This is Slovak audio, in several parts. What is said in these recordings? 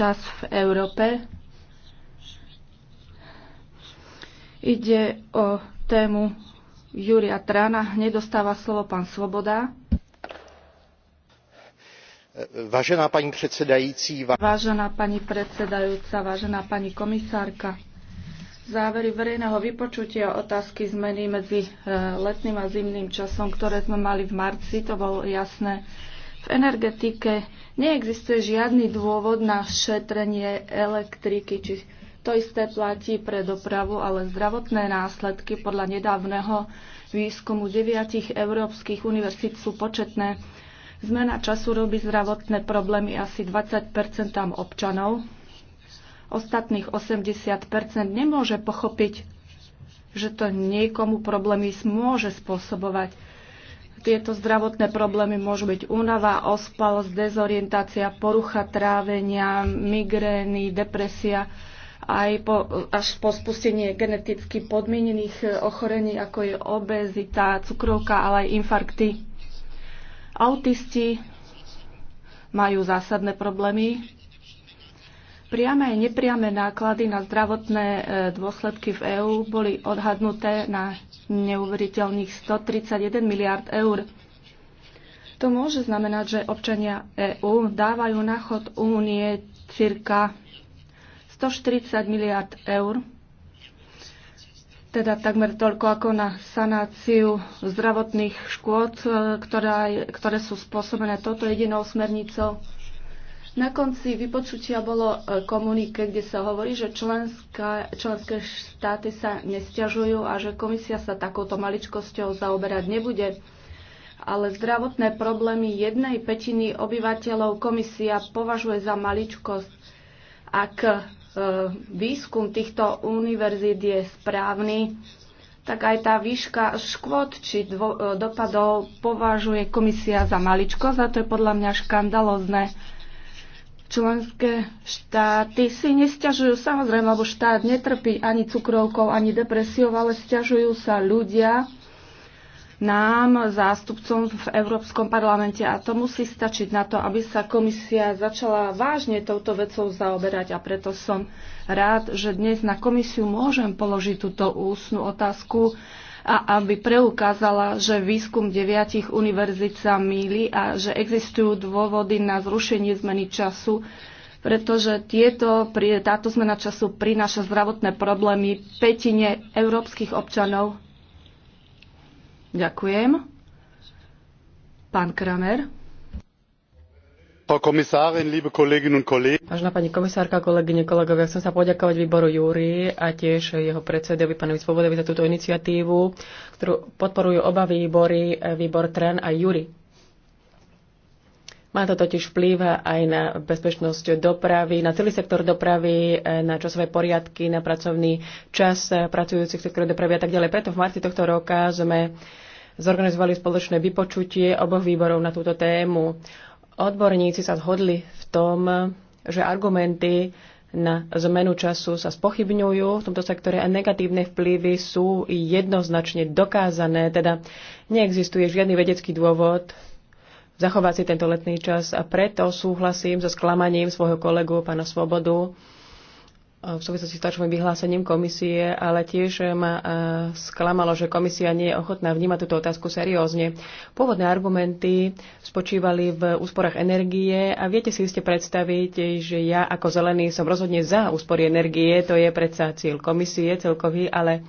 čas v Európe. Ide o tému Júria Trána. Nedostáva slovo pán Svoboda. Vážená pani predsedajúci, va... vážená pani predsedajúca, vážená pani komisárka, závery verejného vypočutia otázky zmeny medzi eh, letným a zimným časom, ktoré sme mali v marci, to bolo jasné v energetike neexistuje žiadny dôvod na šetrenie elektriky, či to isté platí pre dopravu, ale zdravotné následky podľa nedávneho výskumu deviatich európskych univerzít sú početné. Zmena času robí zdravotné problémy asi 20 občanov. Ostatných 80 nemôže pochopiť, že to niekomu problémy môže spôsobovať. Tieto zdravotné problémy môžu byť únava, ospalosť, dezorientácia, porucha trávenia, migrény, depresia, aj po, až po spustenie geneticky podmienených e, ochorení, ako je obezita, cukrovka, ale aj infarkty. Autisti majú zásadné problémy, Priame a nepriame náklady na zdravotné e, dôsledky v EÚ boli odhadnuté na neuveriteľných 131 miliard eur. To môže znamenať, že občania EÚ dávajú na chod únie cirka 140 miliard eur, teda takmer toľko ako na sanáciu zdravotných škôd, e, ktoré, ktoré sú spôsobené toto jedinou smernicou na konci vypočutia bolo e, komunike, kde sa hovorí, že členská, členské štáty sa nestiažujú a že komisia sa takouto maličkosťou zaoberať nebude. Ale zdravotné problémy jednej petiny obyvateľov komisia považuje za maličkosť. Ak e, výskum týchto univerzít je správny, tak aj tá výška škôd či dvo, e, dopadov považuje komisia za maličko, za to je podľa mňa škandalozne. Členské štáty si nestiažujú samozrejme, lebo štát netrpí ani cukrovkou, ani depresiou, ale stiažujú sa ľudia nám, zástupcom v Európskom parlamente. A to musí stačiť na to, aby sa komisia začala vážne touto vecou zaoberať. A preto som rád, že dnes na komisiu môžem položiť túto úsnu otázku a aby preukázala, že výskum deviatich univerzit sa míli a že existujú dôvody na zrušenie zmeny času, pretože tieto, táto zmena času prináša zdravotné problémy petine európskych občanov. Ďakujem. Pán Kramer. Vážená pani komisárka, kolegyne, kolegovia, chcem sa poďakovať výboru Júri a tiež jeho predsedovi, pánovi Svobodovi, za túto iniciatívu, ktorú podporujú oba výbory, výbor TREN a Júri. Má to totiž vplyv aj na bezpečnosť dopravy, na celý sektor dopravy, na časové poriadky, na pracovný čas pracujúcich v sektore dopravy a tak ďalej. Preto v marci tohto roka sme zorganizovali spoločné vypočutie oboch výborov na túto tému. Odborníci sa zhodli v tom, že argumenty na zmenu času sa spochybňujú v tomto sektore a negatívne vplyvy sú jednoznačne dokázané, teda neexistuje žiadny vedecký dôvod zachovať si tento letný čas a preto súhlasím so sklamaním svojho kolegu pána Svobodu, v súvislosti s tlačovým vyhlásením komisie, ale tiež ma e, sklamalo, že komisia nie je ochotná vnímať túto otázku seriózne. Pôvodné argumenty spočívali v úsporách energie a viete si ste predstaviť, že ja ako zelený som rozhodne za úspory energie, to je predsa cieľ komisie celkový, ale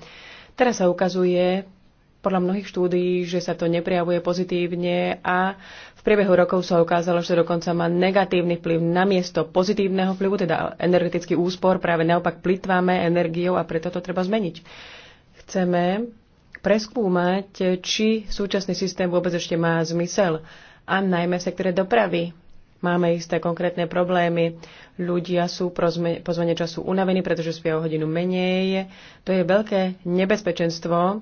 teraz sa ukazuje, podľa mnohých štúdií, že sa to neprejavuje pozitívne a v priebehu rokov sa ukázalo, že dokonca má negatívny vplyv na miesto pozitívneho vplyvu, teda energetický úspor, práve naopak plitváme energiou a preto to treba zmeniť. Chceme preskúmať, či súčasný systém vôbec ešte má zmysel a najmä v sektore dopravy. Máme isté konkrétne problémy. Ľudia sú po zmene času unavení, pretože spia o hodinu menej. To je veľké nebezpečenstvo,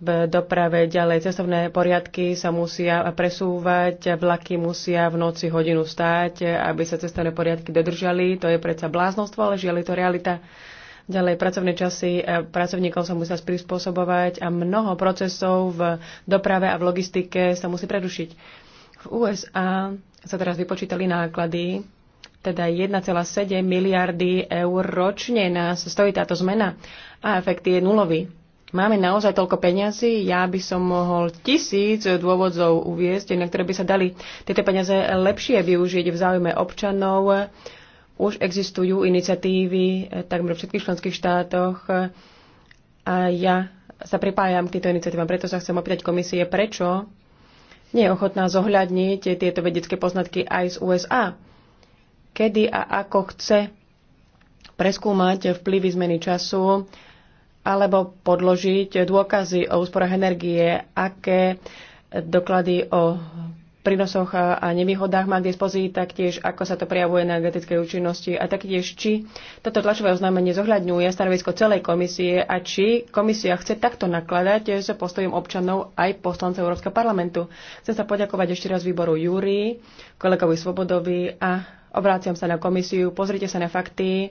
v doprave ďalej. Cestovné poriadky sa musia presúvať, vlaky musia v noci hodinu stáť, aby sa cestovné poriadky dodržali. To je predsa bláznostvo, ale žiaľ je to realita. Ďalej pracovné časy pracovníkov sa musia prispôsobovať a mnoho procesov v doprave a v logistike sa musí prerušiť. V USA sa teraz vypočítali náklady, teda 1,7 miliardy eur ročne nás stojí táto zmena a efekt je nulový máme naozaj toľko peňazí, ja by som mohol tisíc dôvodov uviezť, na ktoré by sa dali tieto peniaze lepšie využiť v záujme občanov. Už existujú iniciatívy eh, takmer v všetkých členských štátoch a ja sa pripájam k týmto iniciatívam. Preto sa chcem opýtať komisie, prečo nie je ochotná zohľadniť tieto vedecké poznatky aj z USA. Kedy a ako chce preskúmať vplyvy zmeny času alebo podložiť dôkazy o úsporách energie, aké doklady o prínosoch a nevýhodách má k dispozícii, taktiež ako sa to prejavuje na energetickej účinnosti a taktiež či toto tlačové oznámenie zohľadňuje stanovisko celej komisie a či komisia chce takto nakladať s postojom občanov aj poslancov Európskeho parlamentu. Chcem sa poďakovať ešte raz výboru Júrii, kolegovi Svobodovi a Obráciam sa na komisiu, pozrite sa na fakty.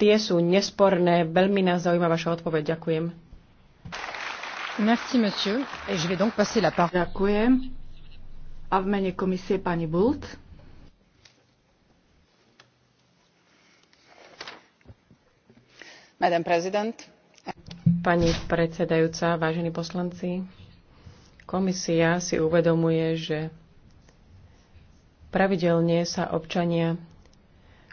Tie sú nesporné. Veľmi nás zaujíma vaša odpoveď. Ďakujem. Merci, monsieur. Et je vais donc passer la parole. Ďakujem. A v mene komisie pani Bult. Madame President. Pani predsedajúca, vážení poslanci, komisia si uvedomuje, že Pravidelne sa občania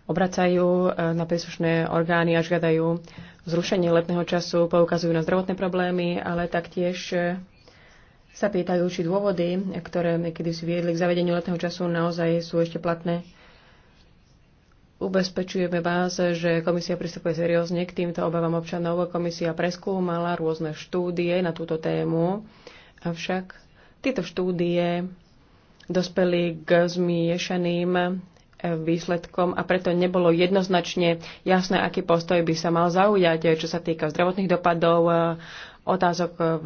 obracajú e, na príslušné orgány a žiadajú zrušenie letného času, poukazujú na zdravotné problémy, ale taktiež e, sa pýtajú, či dôvody, ktoré niekedy si viedli k zavedeniu letného času, naozaj sú ešte platné. Ubezpečujeme vás, že komisia pristupuje seriózne k týmto obavám občanov. Komisia preskúmala rôzne štúdie na túto tému, avšak tieto štúdie dospeli k zmiešaným eh, výsledkom a preto nebolo jednoznačne jasné, aký postoj by sa mal zaujať, eh, čo sa týka zdravotných dopadov, eh, otázok v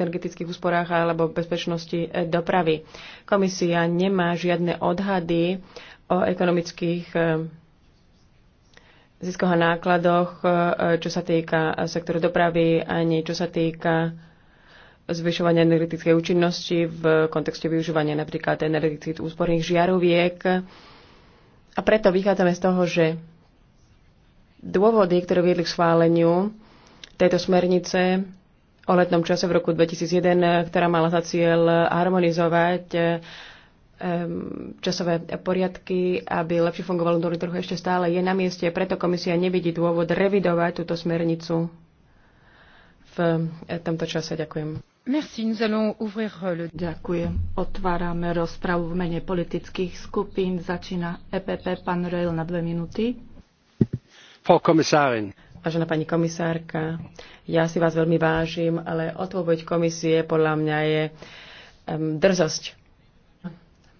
energetických úsporách alebo bezpečnosti dopravy. Komisia nemá žiadne odhady o ekonomických ziskoch a nákladoch, čo sa týka sektoru dopravy, ani čo sa týka zvyšovania energetickej účinnosti v kontexte využívania napríklad energetických úsporných žiaroviek. A preto vychádzame z toho, že dôvody, ktoré viedli k schváleniu tejto smernice o letnom čase v roku 2001, ktorá mala za cieľ harmonizovať ehm, časové poriadky, aby lepšie fungoval vnútorný trh ešte stále je na mieste, preto komisia nevidí dôvod revidovať túto smernicu v tomto čase. Ďakujem. Merci, nous allons ouvrir euh, le... Ďakujem. Otvárame rozpravu v mene politických skupín. Začína EPP. Pán Rojl na dve minúty. Frau Kommissarin. Vážená pani komisárka, ja si vás veľmi vážim, ale odpoveď komisie podľa mňa je um, drzosť.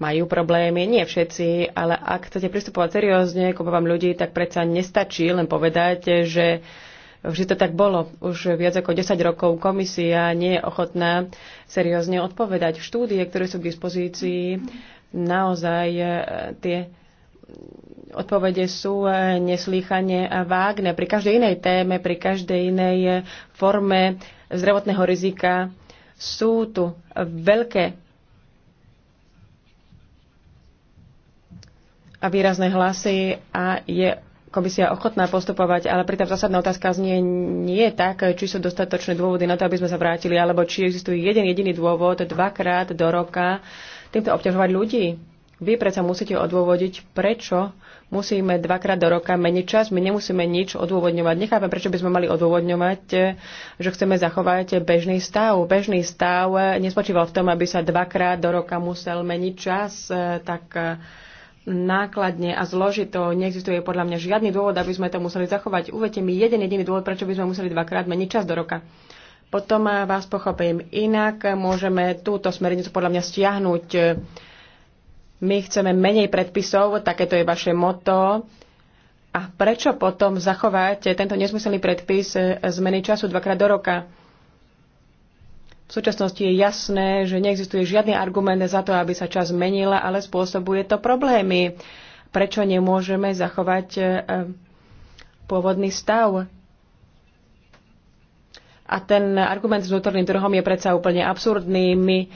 Majú problémy, nie všetci, ale ak chcete pristupovať seriózne k obavám ľudí, tak predsa nestačí len povedať, že Vždy to tak bolo. Už viac ako 10 rokov komisia nie je ochotná seriózne odpovedať. Štúdie, ktoré sú k dispozícii, naozaj e, tie odpovede sú e, neslýchane vágne. Pri každej inej téme, pri každej inej e, forme zdravotného rizika sú tu veľké a výrazné hlasy a je komisia ochotná postupovať, ale pritom zásadná otázka znie nie je tak, či sú dostatočné dôvody na to, aby sme sa vrátili, alebo či existuje jeden jediný dôvod dvakrát do roka týmto obťažovať ľudí. Vy predsa musíte odôvodiť, prečo musíme dvakrát do roka meniť čas, my nemusíme nič odôvodňovať. Nechápem, prečo by sme mali odôvodňovať, že chceme zachovať bežný stav. Bežný stav nespočíval v tom, aby sa dvakrát do roka musel meniť čas, tak nákladne a zložito. Neexistuje podľa mňa žiadny dôvod, aby sme to museli zachovať. Uvedte mi jeden jediný dôvod, prečo by sme museli dvakrát meniť čas do roka. Potom eh, vás pochopím. Inak eh, môžeme túto smernicu podľa mňa stiahnuť. My chceme menej predpisov, takéto je vaše moto. A prečo potom zachovať tento nesmyselný predpis eh, zmeny času dvakrát do roka? V súčasnosti je jasné, že neexistuje žiadny argument za to, aby sa čas menila, ale spôsobuje to problémy. Prečo nemôžeme zachovať e, pôvodný stav? A ten argument s vnútorným trhom je predsa úplne absurdný. My e,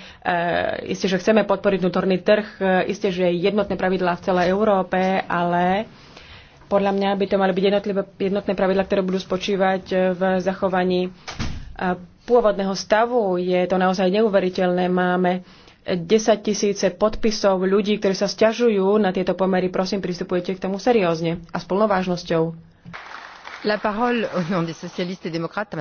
isté, že chceme podporiť vnútorný trh, e, isté, že jednotné pravidlá v celej Európe, ale podľa mňa by to mali byť jednotlivé, jednotné pravidlá, ktoré budú spočívať e, v zachovaní e, pôvodného stavu. Je to naozaj neuveriteľné. Máme 10 tisíce podpisov ľudí, ktorí sa stiažujú na tieto pomery. Prosím, pristupujete k tomu seriózne a s plnou vážnosťou. La parole au nom des socialistes et démocrates.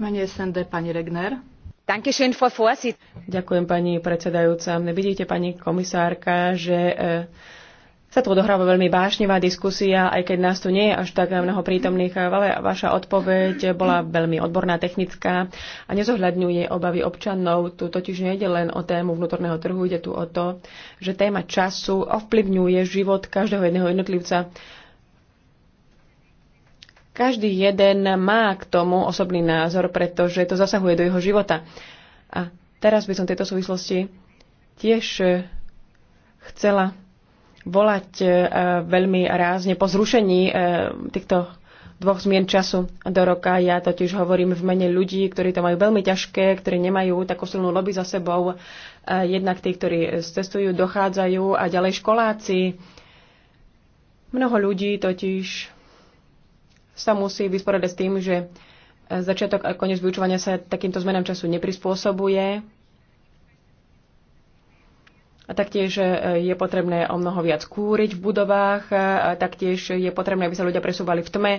Mene SND, pani Regner. Frau Vorsitz. Ďakujem, pani predsedajúca. Vidíte, pani komisárka, že eh, sa tu odohráva veľmi vášnivá diskusia, aj keď nás tu nie je až tak mnoho prítomných, ale vaša odpoveď bola veľmi odborná, technická a nezohľadňuje obavy občanov. Tu totiž nejde len o tému vnútorného trhu, ide tu o to, že téma času ovplyvňuje život každého jedného jednotlivca. Každý jeden má k tomu osobný názor, pretože to zasahuje do jeho života. A teraz by som v tejto súvislosti tiež chcela volať e, veľmi rázne po zrušení e, týchto dvoch zmien času do roka. Ja totiž hovorím v mene ľudí, ktorí to majú veľmi ťažké, ktorí nemajú takú silnú lobby za sebou. E, jednak tí, ktorí cestujú, dochádzajú a ďalej školáci. Mnoho ľudí totiž sa musí vysporiadať s tým, že začiatok a koniec vyučovania sa takýmto zmenám času neprispôsobuje a taktiež e, je potrebné o mnoho viac kúriť v budovách, a taktiež je potrebné, aby sa ľudia presúvali v tme.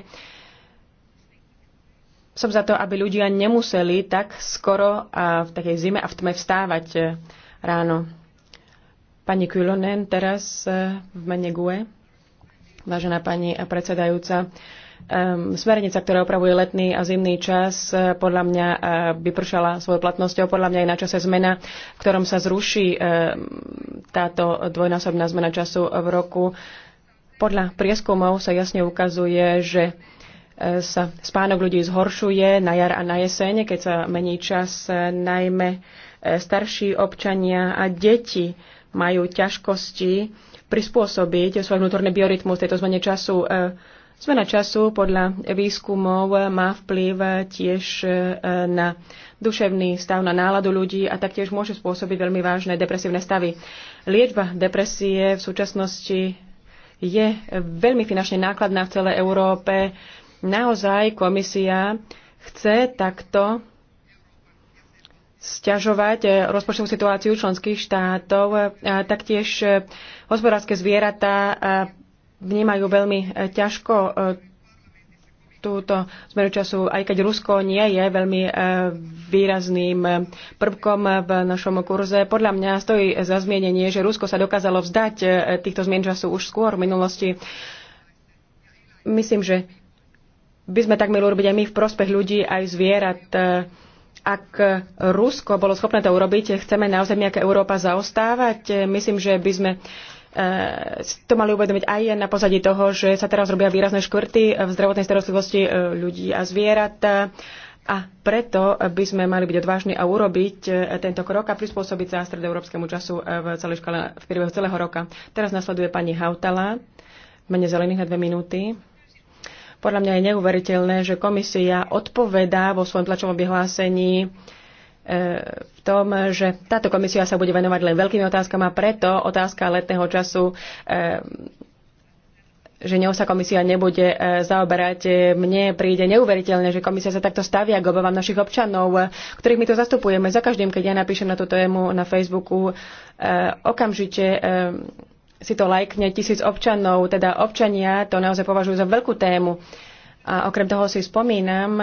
Som za to, aby ľudia nemuseli tak skoro a v takej zime a v tme vstávať e, ráno. Pani Kulonen teraz e, v mene GUE, vážená pani predsedajúca, Smernica, ktorá opravuje letný a zimný čas, eh, podľa mňa eh, by pršala svojou platnosťou. Podľa mňa je na čase zmena, v ktorom sa zruší eh, táto dvojnásobná zmena času v roku. Podľa prieskumov sa jasne ukazuje, že sa spánok ľudí zhoršuje na jar a na jeseň, keď sa mení čas, najmä starší občania a deti majú ťažkosti prispôsobiť svoj vnútorný biorytmus tejto zmene času. Zmena času podľa výskumov má vplyv tiež e, na duševný stav, na náladu ľudí a taktiež môže spôsobiť veľmi vážne depresívne stavy. Liečba depresie v súčasnosti je veľmi finančne nákladná v celej Európe. Naozaj komisia chce takto sťažovať e, rozpočtovú situáciu členských štátov, taktiež e, hospodárske zvieratá vnímajú veľmi e, ťažko e, túto zmeru času, aj keď Rusko nie je veľmi e, výrazným prvkom v našom kurze. Podľa mňa stojí za zmienenie, že Rusko sa dokázalo vzdať týchto zmien času už skôr v minulosti. Myslím, že by sme tak mali urobiť aj my v prospech ľudí, aj zvierat. Ak Rusko bolo schopné to urobiť, chceme naozaj nejaká Európa zaostávať. Myslím, že by sme uh, to mali uvedomiť aj na pozadí toho, že sa teraz robia výrazné škvrty v zdravotnej starostlivosti e, ľudí a zvierat. A preto by sme mali byť odvážni a urobiť e, tento krok a prispôsobiť sa stredoeurópskemu času e, v, celej škole, v priebehu celého roka. Teraz nasleduje pani Hautala, mene zelených na dve minúty. Podľa mňa je neuveriteľné, že komisia odpovedá vo svojom tlačovom vyhlásení v tom, že táto komisia sa bude venovať len veľkým otázkam a preto otázka letného času eh, že ňou sa komisia nebude eh, zaoberať. Eh, mne príde neuveriteľné, že komisia sa takto stavia k obavám našich občanov, ktorých my to zastupujeme. Za každým, keď ja napíšem na tú tému na Facebooku, okamžite si to lajkne tisíc občanov, teda občania to naozaj považujú za veľkú tému. A okrem toho si spomínam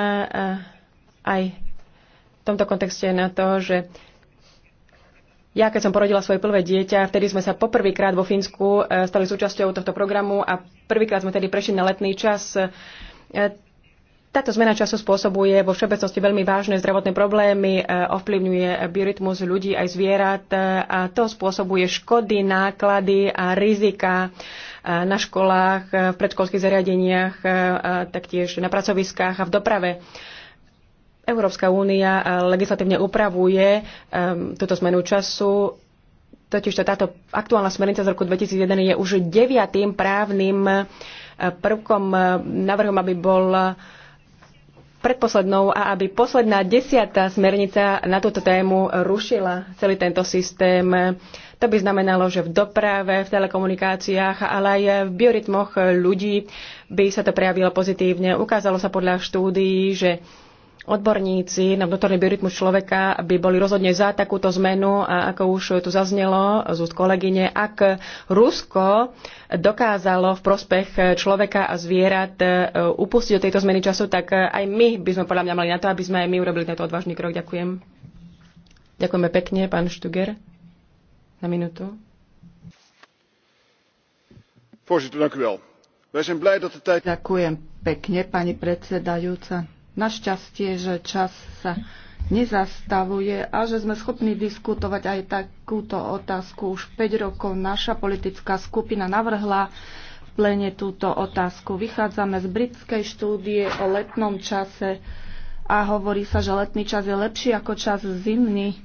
aj v tomto kontexte na to, že ja, keď som porodila svoje prvé dieťa, vtedy sme sa poprvýkrát vo Fínsku e, stali súčasťou tohto programu a prvýkrát sme tedy prešli na letný čas. E, táto zmena času spôsobuje vo všeobecnosti veľmi vážne zdravotné problémy, e, ovplyvňuje biorytmus ľudí aj zvierat a to spôsobuje škody, náklady a rizika na školách, v predškolských zariadeniach, taktiež na pracoviskách a v doprave. Európska únia eh, legislatívne upravuje um, túto zmenu času. Totiž to, táto aktuálna smernica z roku 2001 je už deviatým právnym eh, prvkom navrhom, aby bol predposlednou a aby posledná desiatá smernica na túto tému rušila celý tento systém. To by znamenalo, že v doprave, v telekomunikáciách, ale aj v biorytmoch ľudí by sa to prejavilo pozitívne. Ukázalo sa podľa štúdií, že Odborníci na vnútorný biorytmus človeka by boli rozhodne za takúto zmenu a ako už tu zaznelo z úst kolegyne, ak Rusko dokázalo v prospech človeka a zvierat e, upustiť do tejto zmeny času, tak aj my by sme podľa mňa mali na to, aby sme aj my urobili tento odvážny krok. Ďakujem. Ďakujeme pekne, pán Štuger. Na minútu. Ďakujem pekne, pani predsedajúca našťastie, že čas sa nezastavuje a že sme schopní diskutovať aj takúto otázku. Už 5 rokov naša politická skupina navrhla v plene túto otázku. Vychádzame z britskej štúdie o letnom čase a hovorí sa, že letný čas je lepší ako čas zimný.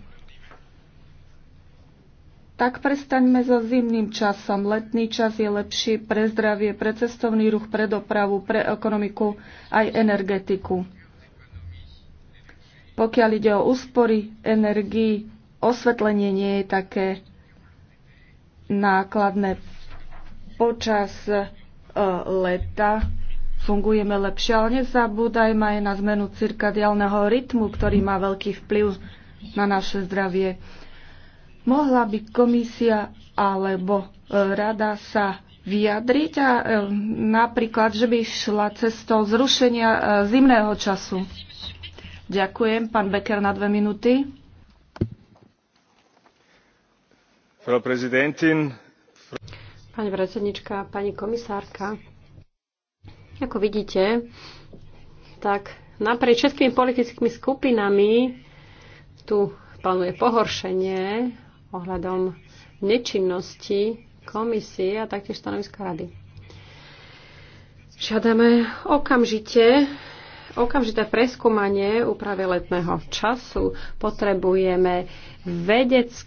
Tak prestaňme so zimným časom. Letný čas je lepší pre zdravie, pre cestovný ruch, pre dopravu, pre ekonomiku aj energetiku. Pokiaľ ide o úspory energii, osvetlenie nie je také nákladné. Počas e, leta fungujeme lepšie, ale nezabúdajme aj na zmenu cirkadiálneho rytmu, ktorý má veľký vplyv na naše zdravie. Mohla by komisia alebo e, rada sa vyjadriť a e, napríklad, že by šla cestou zrušenia zimného času. Ďakujem. Pán Becker na dve minúty. Pani predsednička, pani komisárka, ako vidíte, tak naprieč všetkými politickými skupinami tu panuje pohoršenie ohľadom nečinnosti komisie a taktiež stanoviska rady. Žiadame okamžite okamžité preskúmanie úpravy letného času. Potrebujeme vedecké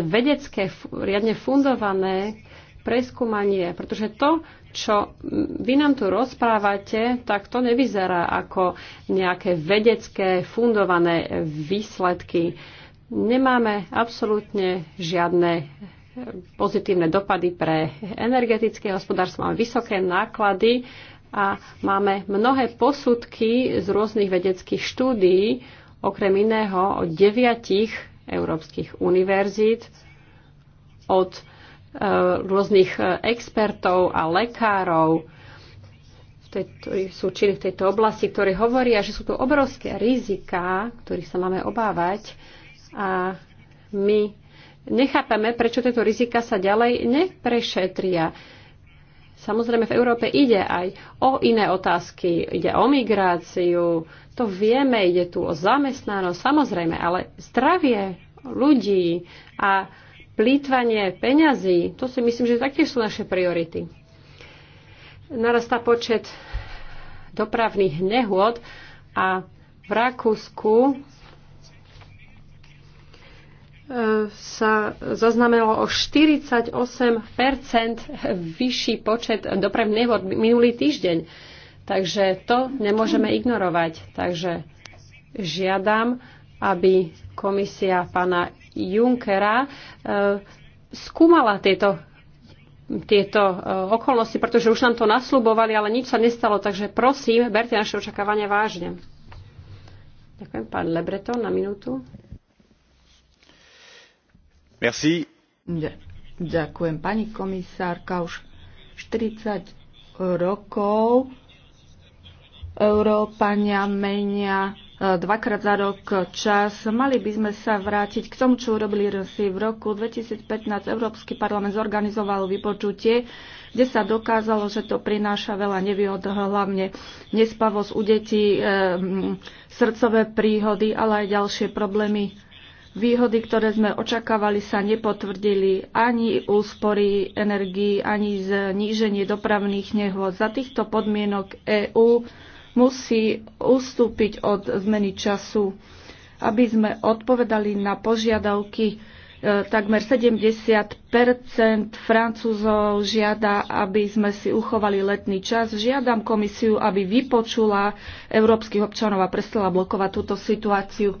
vedecké, riadne fundované preskúmanie, pretože to, čo vy nám tu rozprávate, tak to nevyzerá ako nejaké vedecké fundované výsledky. Nemáme absolútne žiadne pozitívne dopady pre energetické hospodárstvo, máme vysoké náklady a máme mnohé posudky z rôznych vedeckých štúdií, okrem iného od deviatich európskych univerzít, od e, rôznych e, expertov a lekárov, ktorí sú čili v tejto oblasti, ktorí hovoria, že sú tu obrovské riziká, ktorých sa máme obávať a my nechápame, prečo tieto rizika sa ďalej neprešetria Samozrejme, v Európe ide aj o iné otázky. Ide o migráciu, to vieme, ide tu o zamestnanosť, samozrejme, ale zdravie ľudí a plýtvanie peňazí, to si myslím, že taktiež sú naše priority. Narastá počet dopravných nehôd a v Rakúsku sa zaznamenalo o 48 vyšší počet dopravných nehod minulý týždeň. Takže to nemôžeme ignorovať. Takže žiadam, aby komisia pána Junckera e, skúmala tieto, tieto e, okolnosti, pretože už nám to naslubovali, ale nič sa nestalo. Takže prosím, berte naše očakávania vážne. Ďakujem, pán Lebreton, na minútu. Merci. Ďakujem. Pani komisárka, už 40 rokov Európania menia e, dvakrát za rok čas. Mali by sme sa vrátiť k tomu, čo urobili Rusi. V roku 2015 Európsky parlament zorganizoval vypočutie, kde sa dokázalo, že to prináša veľa nevýhod, hlavne nespavosť u detí, e, srdcové príhody, ale aj ďalšie problémy Výhody, ktoré sme očakávali, sa nepotvrdili ani úspory energii, ani zníženie dopravných nehôd. Za týchto podmienok EÚ musí ustúpiť od zmeny času, aby sme odpovedali na požiadavky e, takmer 70 Francúzov žiada, aby sme si uchovali letný čas. Žiadam komisiu, aby vypočula európskych občanov a prestala blokovať túto situáciu.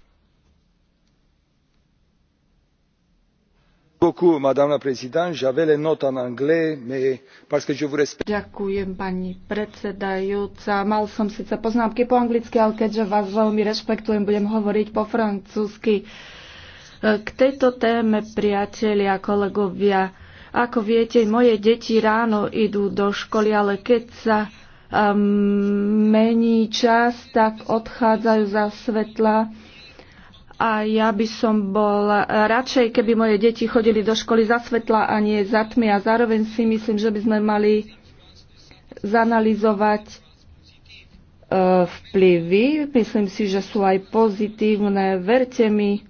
Ďakujem, pani predsedajúca. Mal som síce poznámky po anglicky, ale keďže vás veľmi rešpektujem, budem hovoriť po francúzsky. K tejto téme, priatelia, kolegovia, ako viete, moje deti ráno idú do školy, ale keď sa um, mení čas, tak odchádzajú za svetla a ja by som bol radšej, keby moje deti chodili do školy za svetla a nie za tmy a zároveň si myslím, že by sme mali zanalizovať e, vplyvy. Myslím si, že sú aj pozitívne. Verte mi,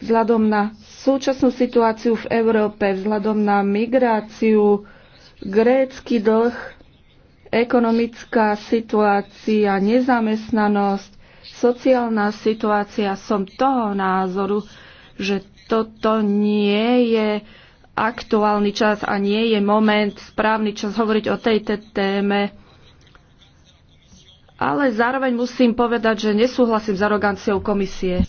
vzhľadom na súčasnú situáciu v Európe, vzhľadom na migráciu, grécky dlh, ekonomická situácia, nezamestnanosť, sociálna situácia. Som toho názoru, že toto nie je aktuálny čas a nie je moment, správny čas hovoriť o tejto téme. Ale zároveň musím povedať, že nesúhlasím s aroganciou komisie.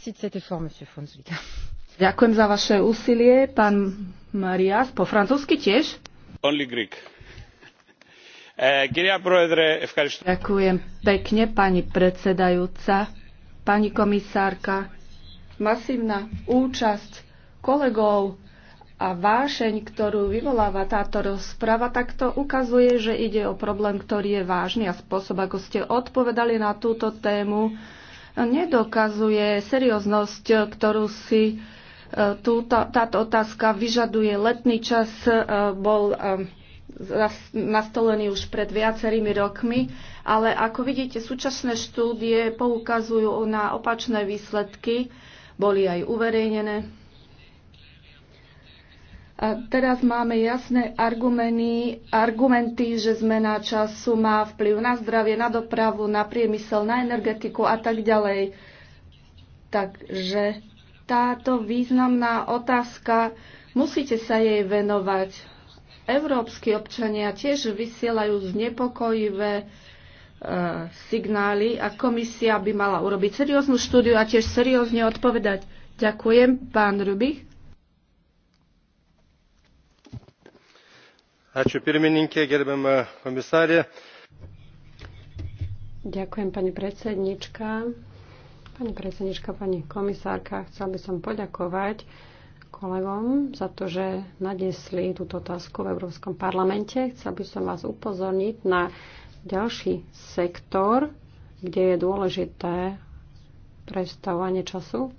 Ďakujem za vaše úsilie, pán Marias. Po francúzsky tiež? Only Greek. Eh, Ďakujem pekne, pani predsedajúca. Pani komisárka, masívna účasť kolegov a vášeň, ktorú vyvoláva táto rozprava, tak to ukazuje, že ide o problém, ktorý je vážny a spôsob, ako ste odpovedali na túto tému, nedokazuje serióznosť, ktorú si eh, túto, táto otázka vyžaduje. Letný čas eh, bol nastolený už pred viacerými rokmi, ale ako vidíte, súčasné štúdie poukazujú na opačné výsledky, boli aj uverejnené. A teraz máme jasné argumenty, argumenty, že zmena času má vplyv na zdravie, na dopravu, na priemysel, na energetiku a tak ďalej. Takže táto významná otázka, musíte sa jej venovať. Európsky občania tiež vysielajú znepokojivé e, signály a komisia by mala urobiť serióznu štúdiu a tiež seriózne odpovedať. Ďakujem, pán Rubich. Ďakujem, pani predsednička. Pani predsednička, pani komisárka, chcel by som poďakovať kolegom za to, že nadesli túto otázku v Európskom parlamente. Chcel by som vás upozorniť na ďalší sektor, kde je dôležité prestávanie času.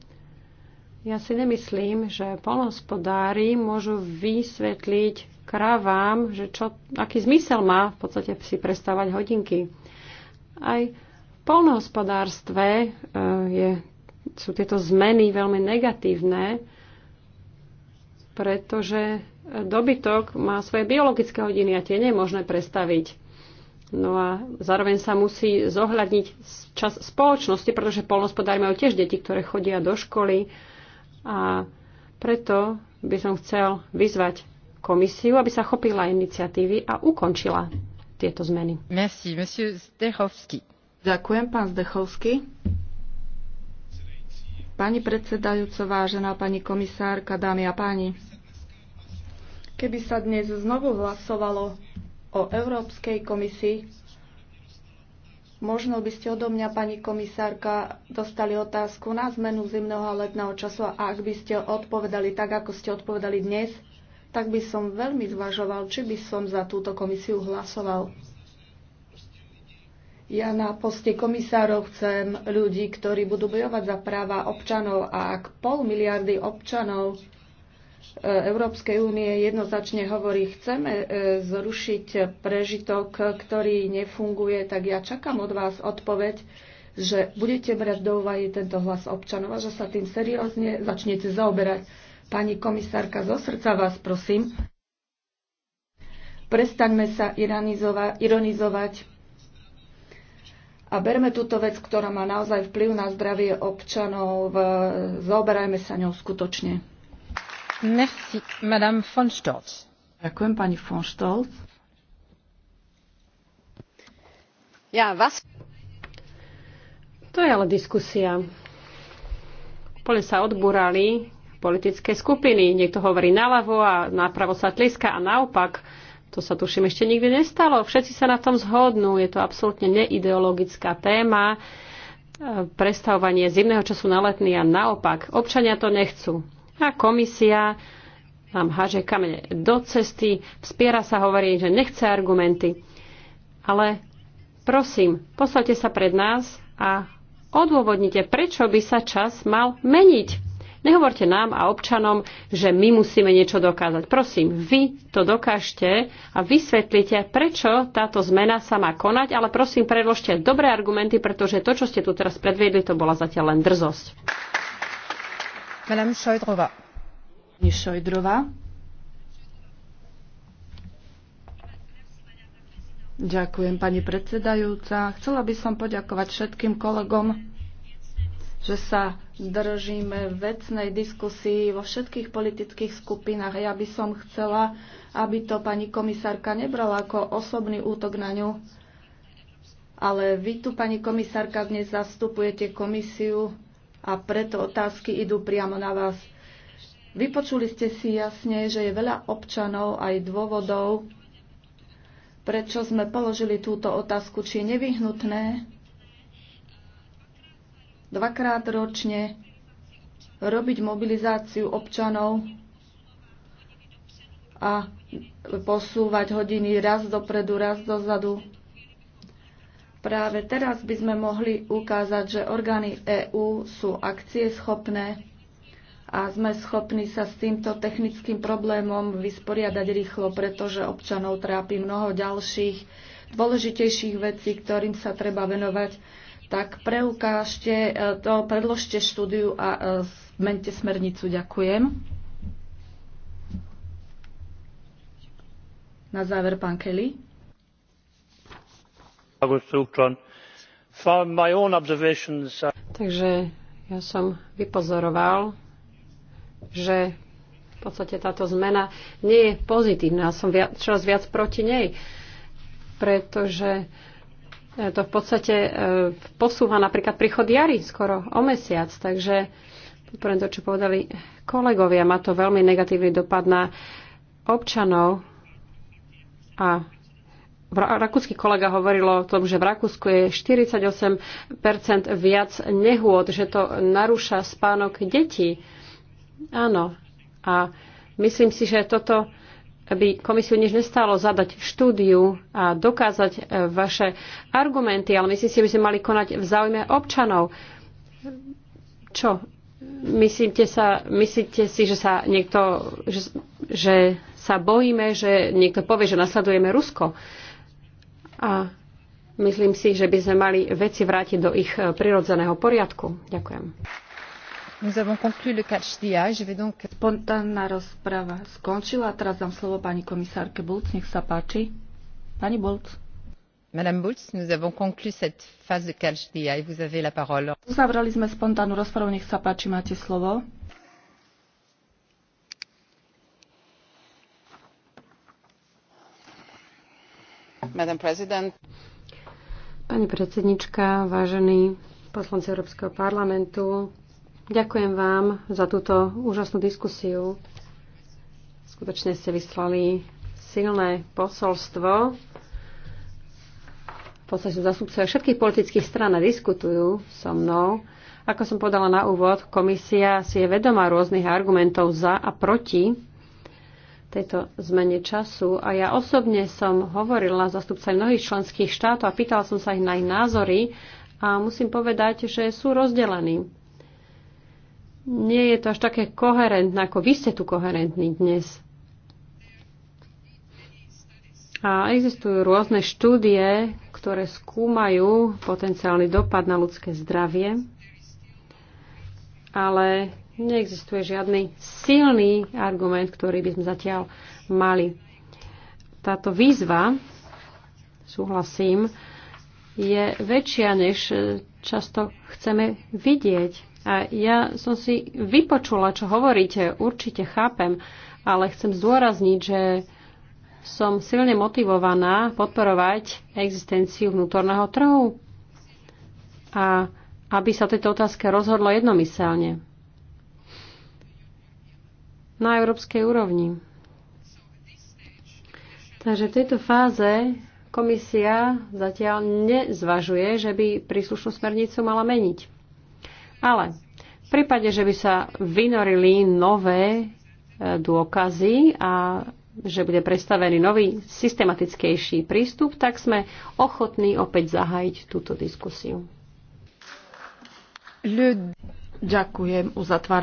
Ja si nemyslím, že polnohospodári môžu vysvetliť kravám, že čo, aký zmysel má v podstate si prestávať hodinky. Aj v polnohospodárstve e, je sú tieto zmeny veľmi negatívne pretože dobytok má svoje biologické hodiny a tie nie je možné prestaviť. No a zároveň sa musí zohľadniť čas spoločnosti, pretože polnospodári majú tiež deti, ktoré chodia do školy a preto by som chcel vyzvať komisiu, aby sa chopila iniciatívy a ukončila tieto zmeny. Merci, monsieur Zdechovský. Ďakujem, pán Zdechovský. Pani predsedajúco, vážená pani komisárka, dámy a páni, keby sa dnes znovu hlasovalo o Európskej komisii, možno by ste odo mňa, pani komisárka, dostali otázku na zmenu zimného a letného času a ak by ste odpovedali tak, ako ste odpovedali dnes, tak by som veľmi zvažoval, či by som za túto komisiu hlasoval. Ja na poste komisárov chcem ľudí, ktorí budú bojovať za práva občanov a ak pol miliardy občanov e, Európskej únie jednoznačne hovorí, chceme e, zrušiť prežitok, ktorý nefunguje, tak ja čakám od vás odpoveď, že budete brať do úvahy tento hlas občanov a že sa tým seriózne začnete zaoberať. Pani komisárka, zo srdca vás prosím, prestaňme sa ironizovať a berme túto vec, ktorá má naozaj vplyv na zdravie občanov, zaoberajme sa ňou skutočne. Merci, Madame von Stolz. Ďakujem, pani von Stolz. Ja, vás... To je ale diskusia. Poli sa odbúrali politické skupiny. Niekto hovorí naľavo a napravo sa tliska a naopak to sa tuším ešte nikdy nestalo. Všetci sa na tom zhodnú. Je to absolútne neideologická téma. E, Prestavovanie zimného času na letný a naopak. Občania to nechcú. A komisia nám háže kamene do cesty, vspiera sa, hovorí, že nechce argumenty. Ale prosím, poslate sa pred nás a odôvodnite, prečo by sa čas mal meniť. Nehovorte nám a občanom, že my musíme niečo dokázať. Prosím, vy to dokážte a vysvetlite, prečo táto zmena sa má konať, ale prosím, predložte dobré argumenty, pretože to, čo ste tu teraz predviedli, to bola zatiaľ len drzosť. Šojdrova. Ďakujem, pani predsedajúca. Chcela by som poďakovať všetkým kolegom, že sa držíme vecnej diskusii vo všetkých politických skupinách. Ja by som chcela, aby to pani komisárka nebrala ako osobný útok na ňu, ale vy tu, pani komisárka, dnes zastupujete komisiu a preto otázky idú priamo na vás. Vypočuli ste si jasne, že je veľa občanov aj dôvodov, prečo sme položili túto otázku, či je nevyhnutné, dvakrát ročne robiť mobilizáciu občanov a posúvať hodiny raz dopredu, raz dozadu. Práve teraz by sme mohli ukázať, že orgány EÚ sú akcieschopné a sme schopní sa s týmto technickým problémom vysporiadať rýchlo, pretože občanov trápi mnoho ďalších dôležitejších vecí, ktorým sa treba venovať tak preukážte e, to, predložte štúdiu a e, zmente smernicu. Ďakujem. Na záver, pán Kelly. Takže ja som vypozoroval, že v podstate táto zmena nie je pozitívna. Som viac, čoraz viac proti nej, pretože E, to v podstate e, posúva napríklad príchod jary skoro o mesiac, takže podporujem to, čo povedali kolegovia. Má to veľmi negatívny dopad na občanov a rakúsky kolega hovoril o tom, že v Rakúsku je 48% viac nehôd, že to narúša spánok detí. Áno. A myslím si, že toto by komisiu nič nestalo zadať štúdiu a dokázať e, vaše argumenty, ale myslím si, že by sme mali konať v záujme občanov. Čo? Myslíte, sa, myslíte si, že sa niekto, že, že sa bojíme, že niekto povie, že nasledujeme Rusko? A myslím si, že by sme mali veci vrátiť do ich e, prirodzeného poriadku. Ďakujem. Nous avons conclu le catch the eye. Je vais donc... Spontánna rozprava skončila. Teraz dám slovo pani komisárke Bulc. Nech sa páči. Pani Bulc. Madame Bulc, nous avons conclu cette phase de catch the eye. Vous avez la parole. Uzavrali sme spontánnu rozpravu. Nech sa páči, máte slovo. Madame President. Pani predsednička, vážení poslanci Európskeho parlamentu, Ďakujem vám za túto úžasnú diskusiu. Skutočne ste vyslali silné posolstvo. V podstate zastupcovia všetkých politických strán diskutujú so mnou. Ako som podala na úvod, komisia si je vedomá rôznych argumentov za a proti tejto zmene času a ja osobne som hovorila zastupca mnohých členských štátov a pýtala som sa ich na ich názory a musím povedať, že sú rozdelení nie je to až také koherentné, ako vy ste tu koherentní dnes. A existujú rôzne štúdie, ktoré skúmajú potenciálny dopad na ľudské zdravie, ale neexistuje žiadny silný argument, ktorý by sme zatiaľ mali. Táto výzva, súhlasím, je väčšia, než často chceme vidieť a ja som si vypočula, čo hovoríte, určite chápem, ale chcem zdôrazniť, že som silne motivovaná podporovať existenciu vnútorného trhu a aby sa tejto otázke rozhodlo jednomyselne na európskej úrovni. Takže v tejto fáze komisia zatiaľ nezvažuje, že by príslušnú smernicu mala meniť. Ale v prípade, že by sa vynorili nové e, dôkazy a že bude predstavený nový, systematickejší prístup, tak sme ochotní opäť zahájiť túto diskusiu. Ďakujem, uzatváram.